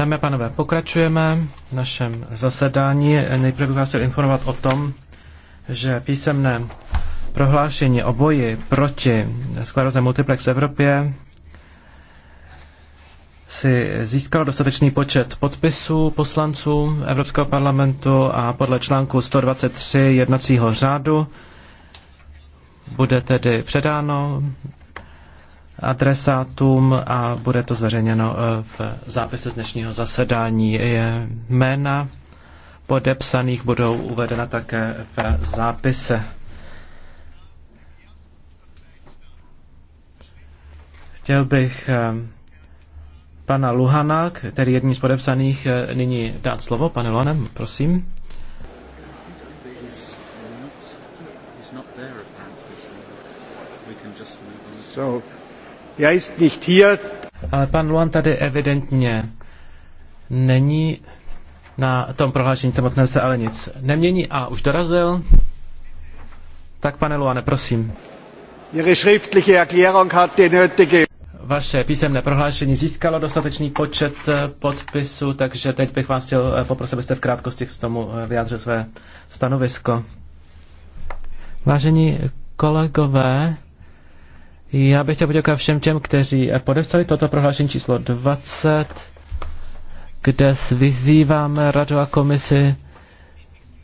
Dámy a pánové, pokračujeme v našem zasedání. Nejprve bych vás chtěl informovat o tom, že písemné prohlášení o boji proti skleroze multiplex v Evropě si získalo dostatečný počet podpisů poslanců Evropského parlamentu a podle článku 123 jednacího řádu bude tedy předáno adresátům a bude to zveřejněno eh, v zápise z dnešního zasedání. Jména podepsaných budou uvedena také v zápise. Chtěl bych eh, pana Luhana, který je jedním z podepsaných, eh, nyní dát slovo. Pane Luhanem, prosím. So já er ist nicht hier. Ale pan Luan tady evidentně není. Na tom prohlášení samotném se ale nic nemění. A už dorazil. Tak pane Luane, prosím. Ihre schriftliche Erklärung hat die nötige vaše písemné prohlášení získalo dostatečný počet eh, podpisů, takže teď bych vás chtěl eh, poprosit, abyste v krátkosti k tomu eh, vyjádřil své stanovisko. Vážení kolegové, já bych chtěl poděkovat všem těm, kteří podepsali toto prohlášení číslo 20, kde vyzýváme Radu a komisi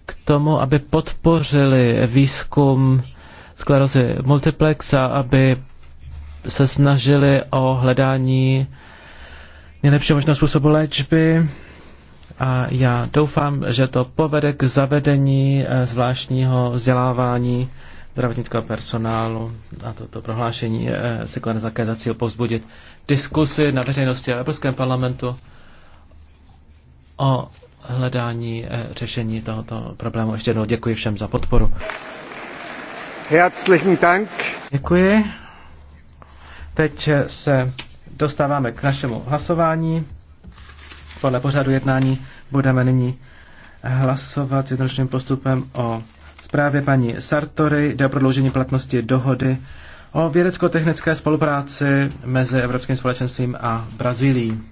k tomu, aby podpořili výzkum sklerozy multiplex a aby se snažili o hledání nejlepšího možného způsobu léčby. A já doufám, že to povede k zavedení eh, zvláštního vzdělávání zdravotnického personálu a toto prohlášení eh, se klade také za cíl povzbudit diskusy na veřejnosti a Evropském parlamentu o hledání eh, řešení tohoto problému. Ještě jednou děkuji všem za podporu. Herzlichen Dank. Děkuji. Teď eh, se dostáváme k našemu hlasování. Podle pořadu jednání budeme nyní hlasovat s jednoduchým postupem o zprávě paní Sartory jde o prodloužení platnosti dohody o vědecko-technické spolupráci mezi Evropským společenstvím a Brazílií.